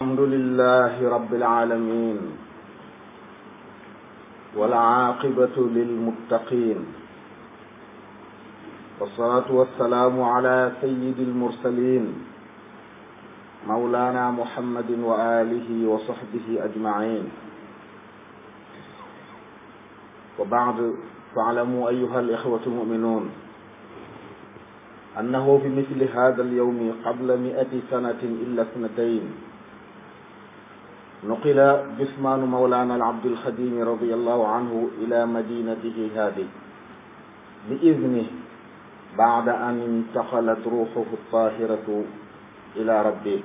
الحمد لله رب العالمين والعاقبة للمتقين والصلاة والسلام على سيد المرسلين مولانا محمد وآله وصحبه أجمعين وبعد فاعلموا أيها الإخوة المؤمنون أنه في مثل هذا اليوم قبل مئة سنة إلا اثنتين نقل جثمان مولانا العبد الخديم رضي الله عنه إلى مدينته هذه بإذنه بعد أن انتقلت روحه الطاهرة إلى ربه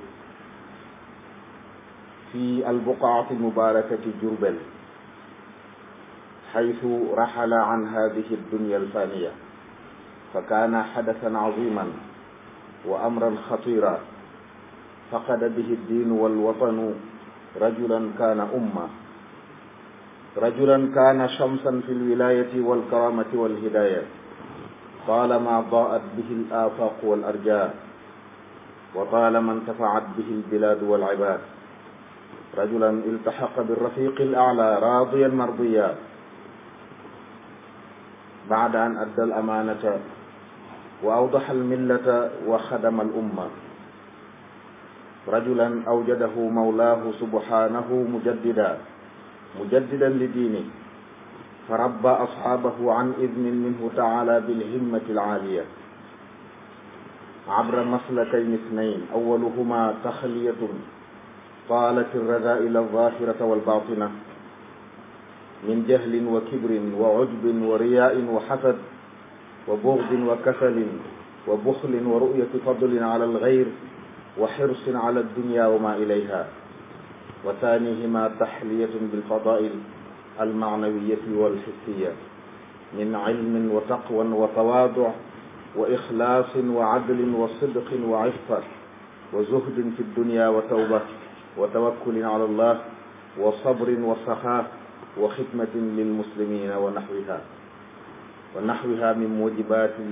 في البقعة المباركة جربل حيث رحل عن هذه الدنيا الفانية فكان حدثا عظيما وأمرا خطيرا فقد به الدين والوطن rajulan kaana umma rajulan kaana shamsan fi lwilayati walkaramati walhidaya طالما ضاءت به الآفاق والأرجاء وطالما انتفعت به البلاد والعباد رجلا التحق بالرفيق الأعلى راضيا مرضيا بعد أن أدى الأمانة وأوضح الملة وخدم الأمة rajulan awjadahu mawlaahu subhaanahu mujaddidan mujaddidan li diini fa rabba ashaabahu an idnin minhu taala bilhimmati alaaliya abra maslakayn ithnayn awaluhuma taxliyatun طالت الرذائل الظاهرة والباطنة من جهل وكبر وعجب ورياء وحسد وبغض وكسل وبخل ورؤية فضل على الغير wa xirsin ala dunya wa ma ilayha wa taanihima taxliyatun bilfadail almaanawiyati walxissiya min ilmin wa taqwan wa tawaadu wa ixlaasin wa cadlin wa sidqin wa cifa wa zuhdin fi dunya wa tawba wa tawakkulin ala allah wa sabrin wa saxaa wa xidmatin lilmuslimina wa naxwiha wa naxwiha min mujibaati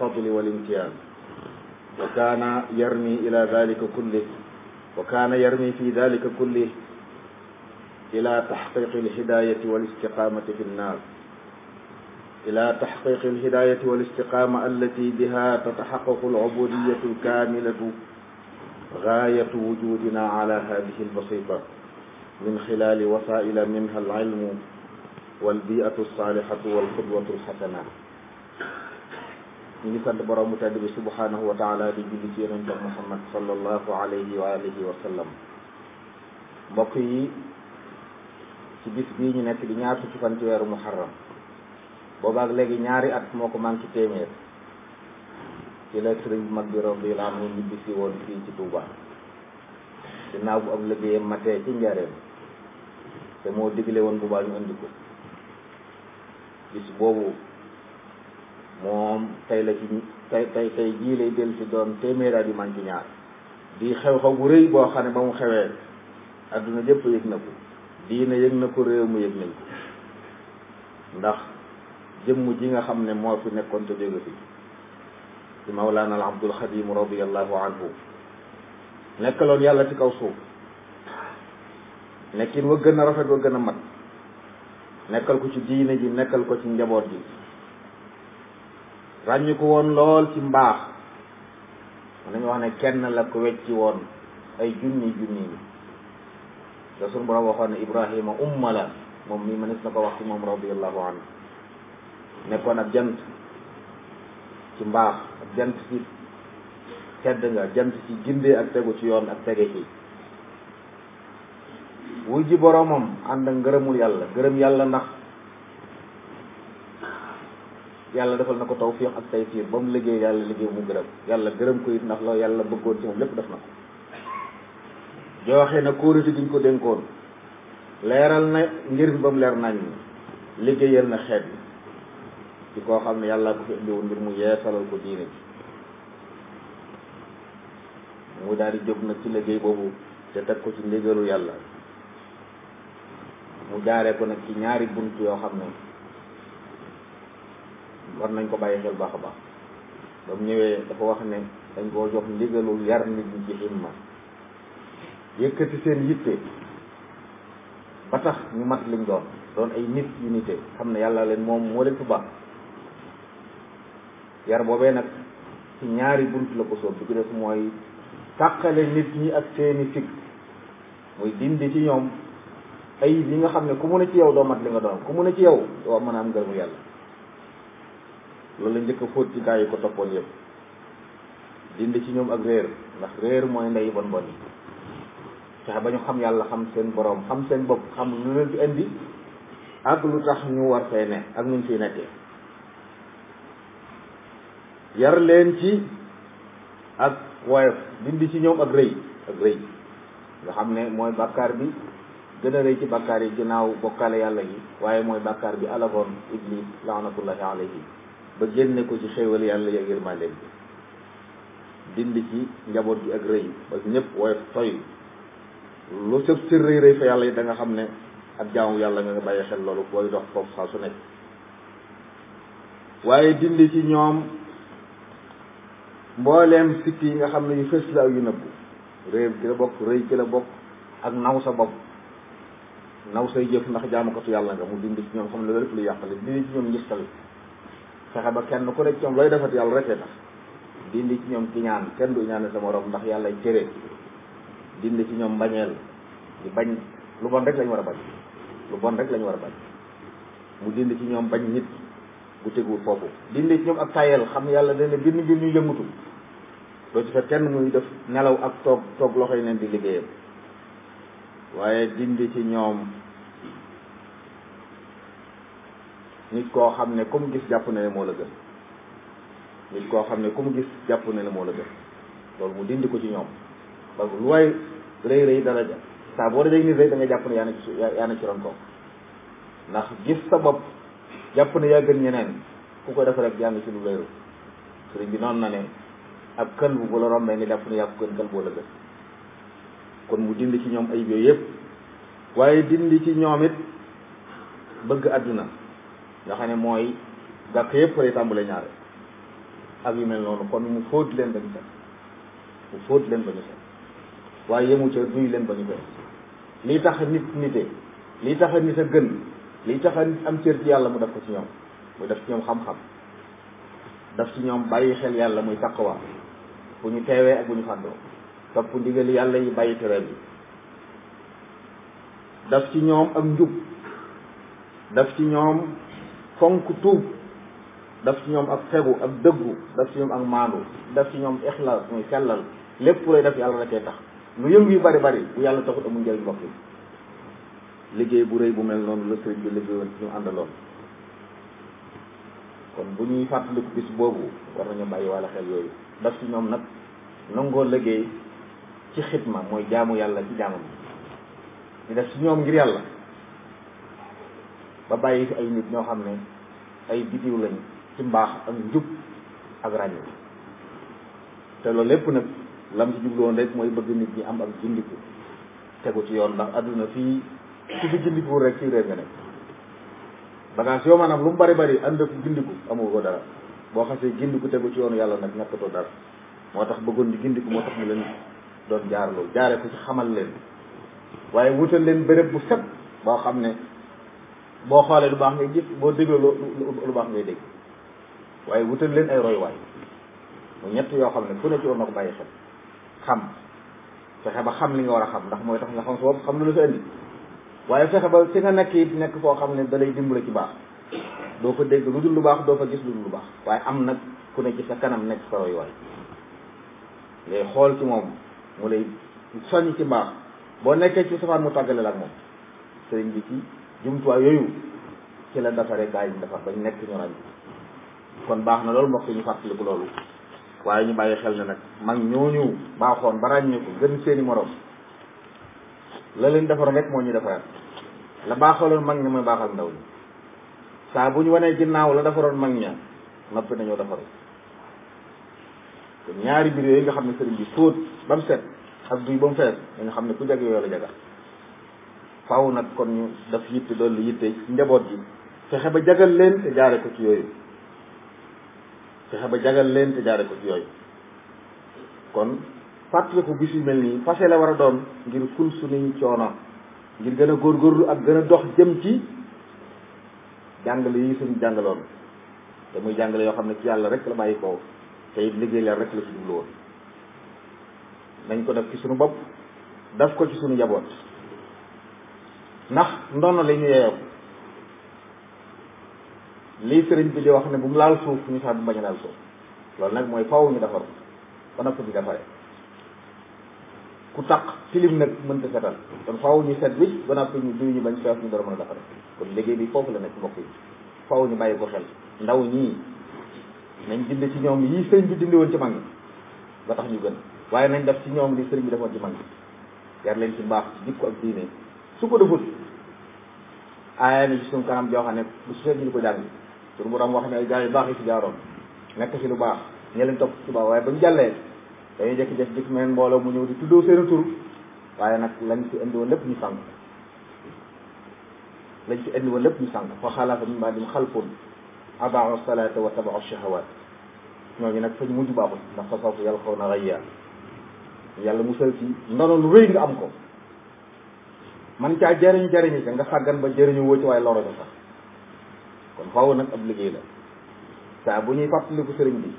alfadli walimtiyaan wa kaana yarmi ila dalika kulli wa kaana yarmi fi dalika kulli ila taxqiqi alhidayati walistiqamati fi nnaar ila taxqiqi alhidayati walistiqama allati biha tataxaqaqu alubudiyatu alkamilatu gaayatu wujudina ala hadihi albasita min xilali wasaila minha alilmu walbiatu alsalihatu walqudwatu alxasana ñu ngi sant borom bu tedd bi subhanahu wa taala di julli ci yonente muhammad sallallahu alayhi wa alihi wa sallam mbokk yi ci bis bi ñu nekk di ñaar fukki fan ci weeru muharram boobaak léegi ñaari at moo ko manqué téeméer ci la sëriñ bu mag bi radiyallahu anhu ñu bisi woon fii ci Touba ginnaaw bu am liggéeyam matee ci njareem te moo digle woon bu baa ñu andi ko bis boobu moom tey la ci tey tay tey jii lay dell ci doon téeméer at yu ñaar di xew-xew bu rëy boo xam ne ba mu xewee adduna jëpp yëg na ko diine yëg na ko réew mu yëg nañ ko ndax jëmm ji nga xam ne moo fi nekkoon te jóge fi di mawlaana al abdul xadim radiallahu anhu nekkaloon yàlla ci kaw suuf nekkin wa gën a rafet wa gën a mat nekkal ko ci diine ji nekkal ko ci njaboot ji ko woon lool ci mbaax mën nañu wax ne kenn la ko wecci woon ay junni junni yi te sunu borom waxoon ne Ibrahima umma la moom mii mënees na ko wax ci moom radiallahu anhu nekkoon ab jant ci mbaax ab jant ci tedd nga jant ci gindee ak tegu ci yoon ak tege ci wuy ji boroomam ànd ak ngërëmul yàlla ngërëm yàlla ndax yàlla defal na ko taw tawfiq ak taysiir ba mu liggéey yàlla liggéey mu gërëm yàlla gërëm ko it ndax la yàlla bëggoon ci moom lépp def na ko joxe na kóorite gi ñu ko dénkoon leeral na ngir ba mu leer nañ liggéeyal na xeet yi ci koo xam ne yàlla ko fi indiwoon ngir mu yeesalal ko diine bi mu daal di jóg nag ci liggéey boobu te teg ko ci ndigalu yàlla mu jaaree ko nag ci ñaari bunt yoo xam ne war nañ ko bàyyi xel baax a baax ba mu ñëwee dafa wax ne dañ koo jox ndigalul yar nit ñi ci himma yëkkati seen yitte ba tax ñu mat liñ doon doon ay nit unité xam ne yàlla leen moom moo leen fi baax yar boobee nag ci ñaari bunt la ko soob bi def mooy tàqale nit ñi ak seeni sikk mooy dindi ci ñoom ay li nga xam ne ku mu a ci yow doo mat li nga doon ku mu ne ci yow doo mën a am ngërëmu yàlla loolu la njëkk a fóot ci gaa yi ko toppoon yëpp dindi ci ñoom ak réer ndax réer mooy ndey bon bon yi fexe ba ñu xam yàlla xam seen boroom xam seen bopp xam lu leen fi indi ak lu tax ñu war fee ne ak nuñ fiy nekkee yar leen ci ak woyof dindi ci ñoom ak rëy ak rëy nga xam ne mooy bàkkaar bi gën a rëy ci bàkkaar yi ginnaaw bokkaale yàlla yi waaye mooy bàkkaar bi alagoon iblis laanatullahi alayhi ba génne ko ci xéewal yàlla ya yërmandeem bi dindi ci njaboot gi ak rëy ba ñëpp woyof toy lu sëb sër rëy rëy fa yàlla yi danga xam ne ak jaamu yàlla nga nga bàyyi xel loolu booy dox foofu saa su nekk waaye dindi ci ñoom mbooleem sikk yi nga xam ne yu fës la ak yu nëbbu réer gi la bokk rëy gi la bokk ak naw sa bopp naw say jëf ndax jaamukatu yàlla nga mu dindi ci ñoom xam ne lépp lu yàqale dindi ci ñoom njistal fexe ba kenn ku nekk ci ñoom looy defat yàlla rek tax dindi ci ñoom ki ñaan kenn du ñaanal sa morom ndax yàlla cëree dindi ci ñoom mbañeel di bañ lu bon rek lañ war a bañ lu bon rek lañ war a bañ mu dindi ci ñoom bañ nit bu teguwul foofu dindi ci ñoom ak tayel xam yàlla dana bind ngir ñu yëngatu doo ci kenn muy def nelaw ak toog toog loxo yi neen di liggéeyam waaye dindi ci ñoom nit koo xam ne comme mu gis jàpp ne moo la gën nit koo xam ne comme mu gis jàpp ne moo la gën loolu mu dindi ko ci ñoom donc lu waay rëy rëy daraja saa boo rëy jàpp ne yaa na ci ci ron ko ndax gis sa bopp jàpp ne yaa gën ñeneen ku ko def rek yaa ngi ci lu rëy sëriñ bi noonu na ne ak kalbu bu la rombee nga jàpp ne yaa ko gën la gën kon mu dindi ci ñoom ayib yooyu yëpp waaye dindi ci ñoomit bëgg àdduna nga xam ne mooy gàkk yëpp lay tàmbale ñaare ak yu mel noonu kon mu fóot leen ba ñu set mu fóot leen ba ñu set waaye yemu ca duy leen ba ñu koy lii tax nit nite lii tax nit a gën lii tax am cër ci yàlla mu def ko ci ñoom mu def ci ñoom xam-xam daf ci ñoom bàyyi xel yàlla muy taqwa bu ñu teewee ak bu ñu fàddoo topp ndigal yàlla yi bàyyi tereel yi daf ci ñoom ak njub daf ci ñoom fonk tuub daf ci ñoom ak fegu ak dëggu daf ci ñoom ak maandu daf ci ñoom ixlaas mooy sellal lépp lay def yàlla rekee tax lu yëngu yu bari bari bu yàlla taxut amul njëriñ mbokk yi liggéey bu rëy bu mel noonu la sëriñ bi liggéeyoon ci ñu àndaloon kon bu ñuy fàttaliku bis boobu war nañu bàyyi wàlla xel yooyu daf ci ñoom nag nangoo liggéey ci xitma mooy jaamu yàlla ci jaamam di def ci ñoom ngir yàlla ba bàyyi fi ay nit ñoo xam ne ay bidiw lañ ci mbaax ak njub ak ràññi te loolu lépp nag lam ci jubloon rek mooy bëgg nit ñi am ak jindiku tegu ci yoon ndax àdduna fii ku fi jindikuwul rek ci réer nga nekk bagage yoo maanaam lu mu bari bari ànd ak gindiku amul ko dara boo xasee gindiku tegu ci yoon yàlla nag ñàkkatoo dara moo tax bëggoon di gindiku moo tax mu leen doon jaarloo jaare ko ci xamal leen waaye wutal leen béréb bu set boo xam ne boo xoolee lu baax ngay gis boo dégloo lu baax ngay dégg waaye wutal leen ay roy waay mu ñett yoo xam ne fu ne ci war na ko bàyyi xel xam fexe ba xam li nga war a xam ndax mooy tax nga xam sa bopp lu la waaye fexe ba fi nga nekk it nekk foo xam ne da lay dimbale ci baax doo ko dégg lu dul lu baax doo fa gis lu dul lu baax waaye am nag ku ne ci sa kanam nekk sa roy ngay xool ci moom mu lay soññ ci mbaax boo nekkee ci safaan mu tàggale la moom sëriñ bi ci jumtuwaay yooyu ci la defaree gaa yi ñu defar bañ nekk ñu rañ kon baax na loolu mbokk ñu fàttaliku loolu waaye ñu bàyyi xel ne nag mag ñooñu baaxoon ba ràññee ko gën seeni moroom la leen defaroon rek moo ñu defaraat la baaxaloon mag ña mooy baaxal ndaw ñi saa bu ñu wanee ginnaaw la defaroon mag ña noppi nañoo defaru kon ñaari mbir yooyu nga xam ne sëriñ bi fóot ba mu set ak duy ba mu fees da xam ne ku jag yooyu la jaga faaw nag kon ñu daf yitte dolli yitte njaboot gi fexe ba jagal leen te jaare ko ci yooyu fexe ba jagal leen te jaare ko ci yooyu kon ko bis yu mel nii fase la war a doon ngir ful suñuy coono ngir gën a góor góorgóorlu ak gën a dox jëm ci jàng yi suñu jàngaloon te muy jàngale yoo xam ne ci yàlla rek la bàyyi ko te it liggéey la rek la ci jublu nañ ko def ci sunu bopp daf ko ci suñu njaboot ndax ndono la ñu yeewu lii sëriñ bi di wax ne bu mu laal suuf ñu sax bu bañ a laal suuf loolu nag mooy faw ñu defar ba noppi ñu defaree ku taq tilim nag mënta setal kon faw ñu set wicc ba noppi ñu diw ñu bañ fees ñu door mën a defaree kon liggéey bi foofu la nekk mbokk yi faw ñu bàyyi ko xel ndaw ñii nañ dind ci ñoom yii sëriñ bi dindi woon ci mag ñi ba tax ñu gën waaye nañ def ci ñoom li sëriñ bi defoon ci mag ñi yar leen ci mbaax ak diine su ko defut aaya na ci suñu kanam joo xam ne bu su ñu ko jàng suñu borom wax ne baax yi fi jaaroon nekk ci lu baax ñe leen topp ci baax waaye ba ñu jàllee dañuy jékki-jékki gis meen mbooloo mu ñëw di tuddoo seen tur waaye nag lañ fi indi woon lépp ñu sànq lañ fi indiwoon lépp ñu sànq fa xalafa min ba'dihim xalfun adaa'u salaata wa tabaau shahawaat ñooñu nag fa ñu mujj baaxul ndax fa sawfa yalqawna gayya yàlla musal ci ndono lu rëy nga am ko man caa jariñ jariñi ca nga sàggan ba jëriñu woo ci waaye loro ca sax kon faaw nag ab liggéey la saa bu ñuy fàttaliku sëriñ bi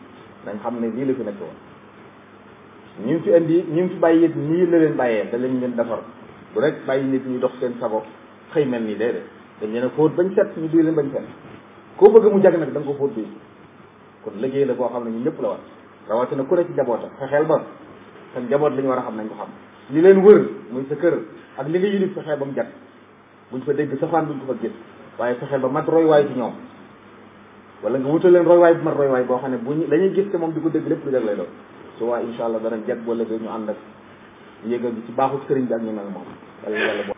dañ xam ne lii la fi nekk woon fi indi ñi mu fi bàyyi it nii la leen bàyyee da lañ leen defar du rek bàyyi nit ñuy dox seen sabab xëy mel nii déedéet dañ leen a fóot bañ set ñu duy leen bañ set koo bëgg mu jag nag da nga ko fóot duy kon liggéey la boo xam ne ñu ñëpp la war rawatina ku ne ci njabootam fexeel ba sa njaboot li war a xam nañ ko li leen wër muy sa kër ak li nga yilif fexeel ba mu jat buñ fa dégg safaan buñ ko fa gis waaye fexeel ba mat roywaay ci ñoom wala nga wutal leen roywaay bu mat roywaay boo xam ne buñ dañuy gis te moom di ko dégg lépp lu jag lay doon su waa incha allah danañ jag wala ga ñu ànd ak yéegal bi ci baaxu sëriñ bi ak ñu mel moom yàlla yàlla